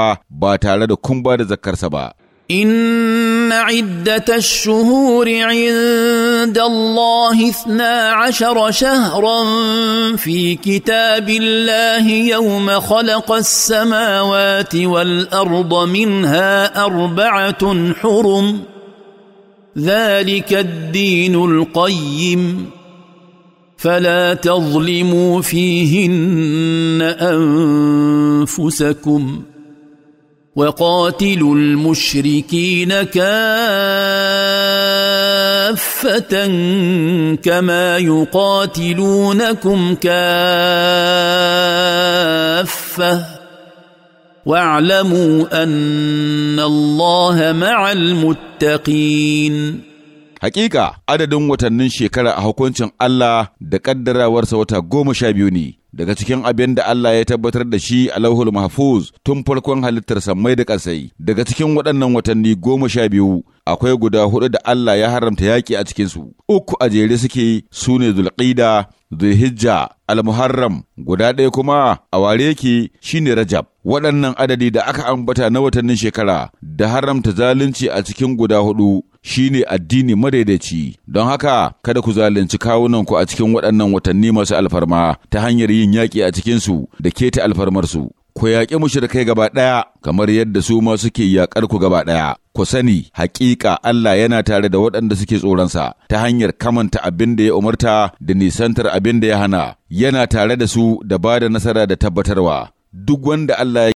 ba tare da kun ba da zakarsa ba. إن عدة الشهور عند الله اثنا عشر شهرا في كتاب الله يوم خلق السماوات والأرض منها أربعة حرم ذلك الدين القيم فلا تظلموا فيهن أنفسكم ۖ وقاتلوا المشركين كافة كما يقاتلونكم كافة واعلموا أن الله مع المتقين Hakika adadin watannin shekara a hukuncin Allah da kaddarawarsa wata goma sha biyu ne, daga cikin abin da Allah ya tabbatar da shi a lauhul mahfuz tun farkon halittar sammai da ƙasai. Daga cikin waɗannan watanni goma sha biyu akwai guda hudu da Allah ya haramta yaƙi a cikinsu, uku a jere suke su ne Hijja: Al-Muharram, guda ɗaya kuma a ware yake shine Rajab. Waɗannan adadi da aka ambata na watannin shekara da haramta zalunci a cikin guda hudu shine addini madaidaici. Don haka kada ku zalunci kawunanku a cikin waɗannan watanni masu alfarma ta hanyar yin yaƙi a cikinsu da keta alfarmarsu. Ku yaƙi mushrikai gaba ɗaya kamar yadda su ma suke yaƙar ku gaba ɗaya. ku sani hakika Allah yana tare da waɗanda suke tsoronsa ta hanyar kamanta abin da ya umarta da nisantar abin da ya hana yana tare da su da ba da nasara da tabbatarwa duk wanda Allah